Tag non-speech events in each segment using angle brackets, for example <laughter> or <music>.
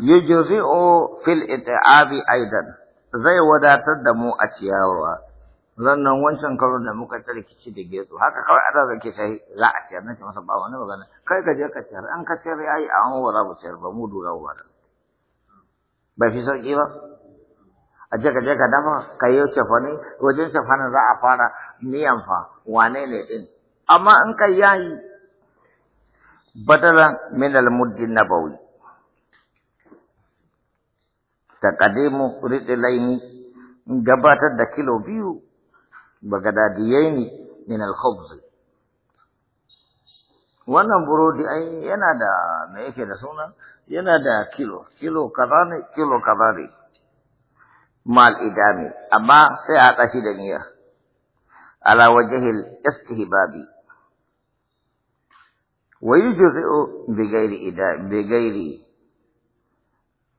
yujzi'u fil it'abi aidan zai wadatar da mu a ciyarwa zannan wancan karon da muka tarkici da getsu haka kawai ada zake sai za a ciyar nace masa ba wani magana kai ka je ka ciyar an ka ciyar yayi a mu wara mu ciyar ba mu dura wa ba fi sauki ba a je ka je ka dafa ka yi cefane wajen ne za a fara niyan fa wane ne din amma in ka yayi badalan min al-muddin nabawi taqdimu laini gabatar da kilo biyu ne min al-khubz wannan burodi ai yana da me yake da suna yana da kilo kilo kaza kilo kaza mal idami amma sai a tsashi da niyya ala wajhil istihbabi wa yujzi'u bi ghairi idami bi ghairi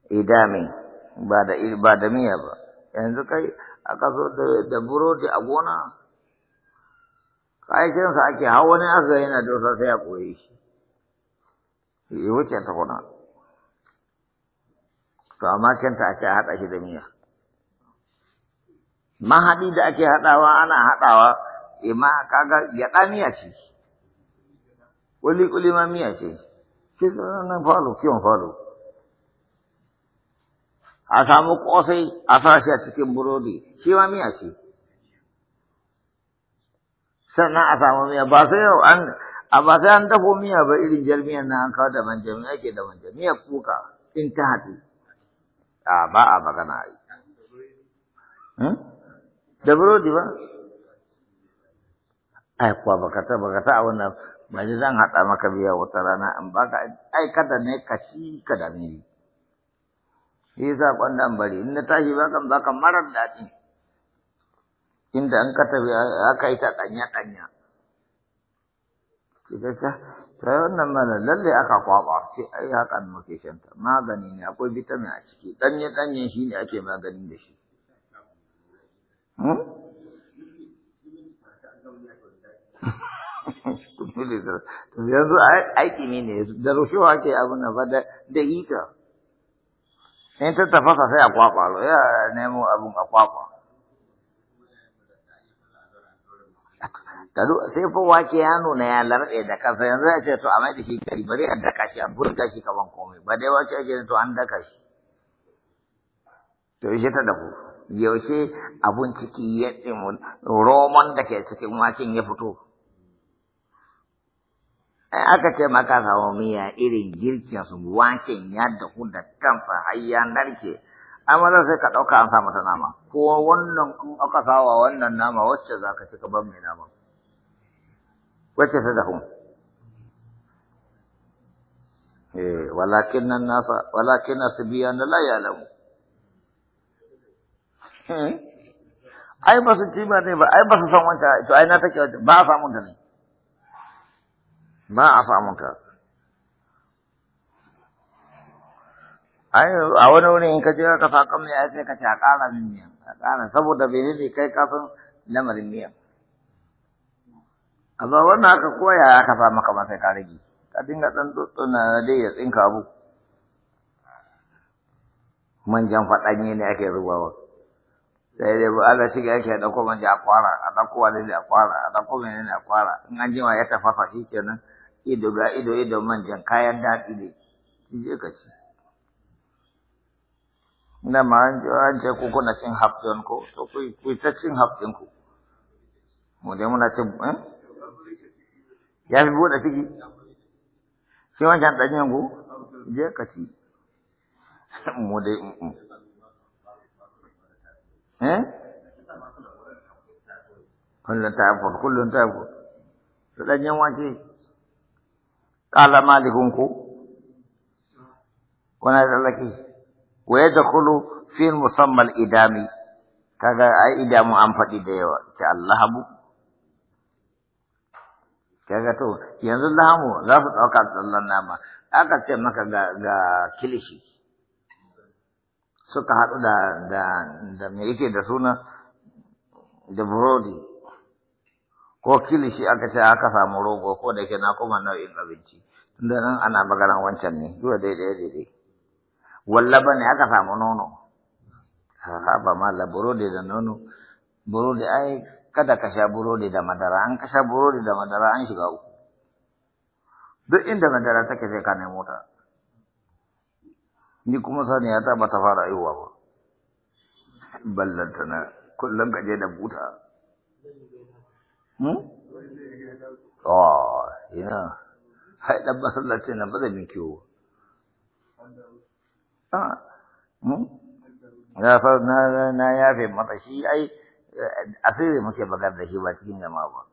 idami ba da ba da miya ba yanzu kai aka zo da burodi a gona kayan sa ake hawa ne aka yana dosa sai a koyi shi ya wuce ta kuna to amma kanta ake haɗa shi da miya Mahadi da ake haɗawa ana haɗawa ima kaga gyaɗa miya ce kuli kuli ma miya ce kisa nan falo kiwon falo a samu kosai a sashi a cikin burodi shi ma miya ce sannan a samu miya ba sai yau an a ba sai an dafo miya ba irin jarmiyar na an kawo daban jami ake daban miya kuka in ta haɗu a ba a magana a yi hmm? da burodi ba ai kuwa baka ta baka ta a wannan ba zan haɗa maka biya wata rana in baka ai kada ne ka ci ka da shi za kwandan bari in na tashi bakan kan baka marar daɗi inda an ka tafi aka yi ta ɗanya ɗanya sai ta wannan mana lalle aka kwaba sai ai hakan muke shanta magani ne akwai vitamin a ciki ɗanye ɗanye shi ne ake magani da shi hmm? <laughs> yanzu aiki ne da rushewa ke abu na ba da hita in ta tafasa sai a kwakwalo ya nemo abin a kwakwa sai fa wake ya nuna ya larɗe da kansa yanzu ya ce to a mai da shi kari bari a daka shi a burka shi kaman komai ba dai wake ake to an daka shi to yaushe ta dafu yaushe abun ciki ya tsimu roman da ke cikin waken ya fito aka ce maka samu miya irin girkin su waken ya dahu da kansa har ya narke amma sai ka ɗauka an sa masa nama ko wannan kun aka sawa wannan nama wacce za ka ci ka bar mai nama wacce ta dahu eh walakin nan nasa walakin na la ya'lamu eh? ai ba su ci ba ne ba ai ba su san wancan to ai na take ba a samun ta ne ma a famuka a wani wuri in ka je ka fa kamar ya sai ka ci a ƙara min miya a ƙara saboda bai ne kai kafin lamarin miya amma wannan aka koya ka fa maka ma sai ka rage ka dinga ɗan tsotsona dai ya tsinka abu manjan faɗanye ne ake rubawa sai dai ba Allah shi yake da ko manja a kwara a da ko ne a kwara a da ko mene ne a kwara in an jima ya tafasa shi kenan ido ga ido ido manjan kayan daɗi ne ki je ka ci na ma an ce ku kuna cin hafton ko to ku ku ta cin hafton ku mu dai muna cin eh ya fi buɗe ciki shi wancan ɗanyen ku je ka ci <laughs> mu dai eh kullum ta kullum ta to ɗanyen wake قال مالك kuna tsallake wa yadkhulu fi musammal idami kaga ai idamu an faɗi da yawa ta bu kaga to yanzu lahamu za su ɗauka sallan nama aka ce maka ga ga kilishi suka haɗu da da da me yake da suna da burodi ko kilishi aka ce aka samu rogo ko da ke na kuma nau'in abinci tunda nan ana maganar wancan ne zuwa daidai daidai wallaba ne aka samu nono ha ba ma la burodi da nono burodi ai kada ka sha burodi da madara an ka sha burodi da madara an shiga uku duk inda madara take sai ka nemo ta ni kuma saniya ta ba ta fara aiwa ba ballantana kullum ka je da buta آه هنا هاي لبس لاتينا بدا من كيو آه، لا فرنا نا يا في مطشي أي أثير مكي بقدر ذي باتين ما هو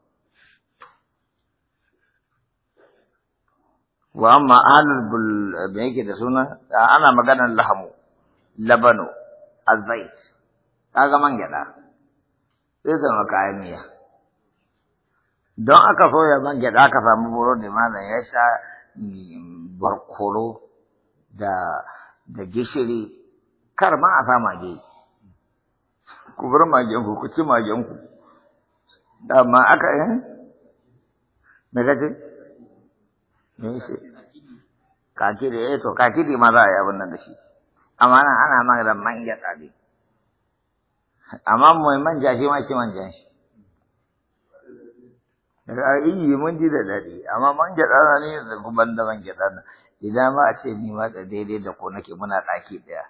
وأما أهل البل بيجي تسونا أنا مكان اللحم لبنو الزيت هذا من جدار إذا ما كاين مياه don aka ya zan gyaɗa aka samu buro da malam ya sha mm, barkoro da da gishiri kar ma a sa mage ku bar magen ku ku ci magen ku Da ma aka yi eh? me kace me shi kaki da eh to kaki da ma za a yi abin nan da shi amma ana magana man gyaɗa tsabi amma mai manja shi ma ci manjan shi Daga ra'ayi mun ji da daɗi amma man gyaɗa na, ne da guban da man gyaɗa na idan ma a ce ni ma da daidai da ko nake muna ɗaki ɗaya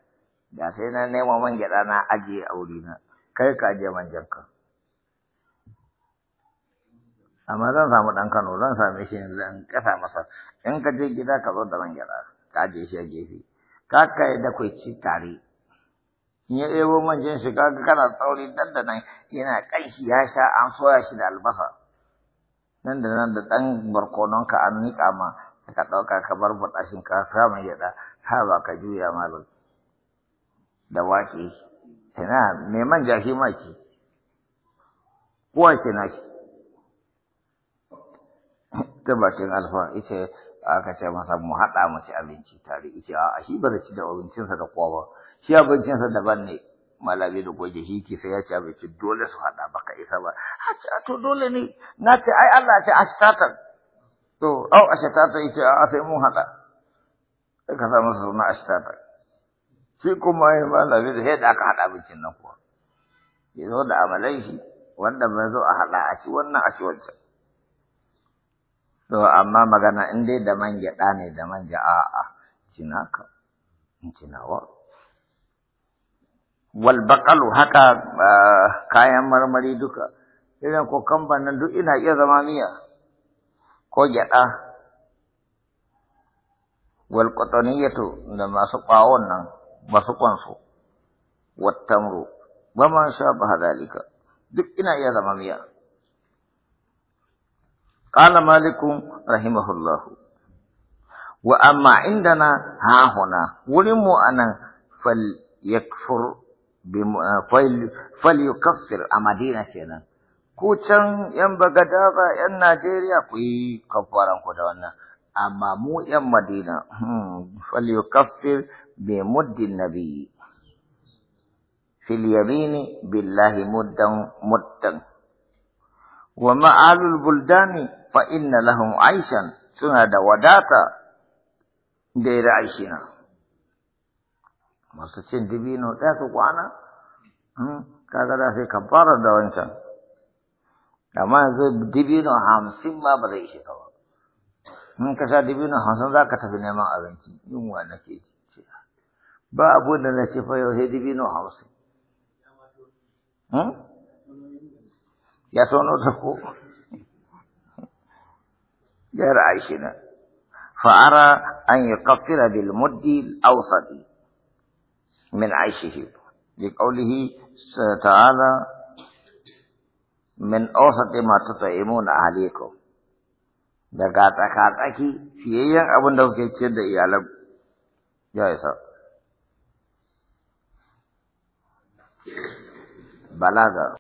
da sai na nema man gyaɗa na ajiye a na. kai ka ajiye man ka. amma zan samu ɗan Kano zan same shi zan ƙasa masa in ka je gida ka zo da man gyaɗa ka je shi a gefe ka kai da kai ci tare in ya ɗebo man jin shi kaga kana tsauri dandanan yana ƙanshi ya sha an soya shi da albasa nan da nan da ɗan barkononka an niƙa ma ka ɗauka ka bar buɗa ka samun yaɗa ha ba ka juya malam da wake Tana mai manja shi ma ke kuwa ke na shi ta bakin alfa ita aka ce masa mu haɗa mu ci abinci tare ita a shi ba da ci da abincinsa da kowa ba shi abincinsa daban ne malami da goge hiki sai ya ci abinci dole su haɗa baka isa ba a ce to dole ne na ce ai Allah ce ashtatan to au ya yace a sai mun haɗa sai ka samu suna ashtatan shi kuma ya malami da yadda aka haɗa abincin nan kuwa ya zo da amalai shi wanda bai zo a haɗa a ci wannan a ci wancan to amma magana in dai da manja gyaɗa ne da man ja'a a cinaka in cinawa walbaƙalu haka kayan marmari duka irin kokamban nan duk ina iya zama miya ko gyaɗa walƙwatoniyatu da masu ƙwawon nan masu ƙwansu wattamru ba ma sha ba hadalika duk ina iya zama miya قال مالك رحمه الله وأما عندنا ها هنا ولم أنا فليكفر falyukaffir a madina kenan Kucan, can yan bagadaza yan najeriya ku yi kafaran ku da wannan amma mu yan madina falyukaffir bi muddin nabiyyi fil yamini billahi muddan muddan wa ma'alul buldani fa inna lahum aishan suna da wadata da aishina masu cin dibino ɗaya su kwana hmm, kaga da sai yi fara da wancan amma yanzu dibino hamsin ma ba zai shiga ba in ka sha dibino hamsin za ka tafi neman abinci yunwa nake ce ba abu da na ce fa yau sai dibino hamsin hmm? ya tono ta ko an yi kafira bil muddi بالمد الأوسط من عيشه لقوله تعالى من أوسط ما تطعمون أهليكم daga tsakatsaki fiyayyen abin da kuke ciyar da iyalan ya isa balaga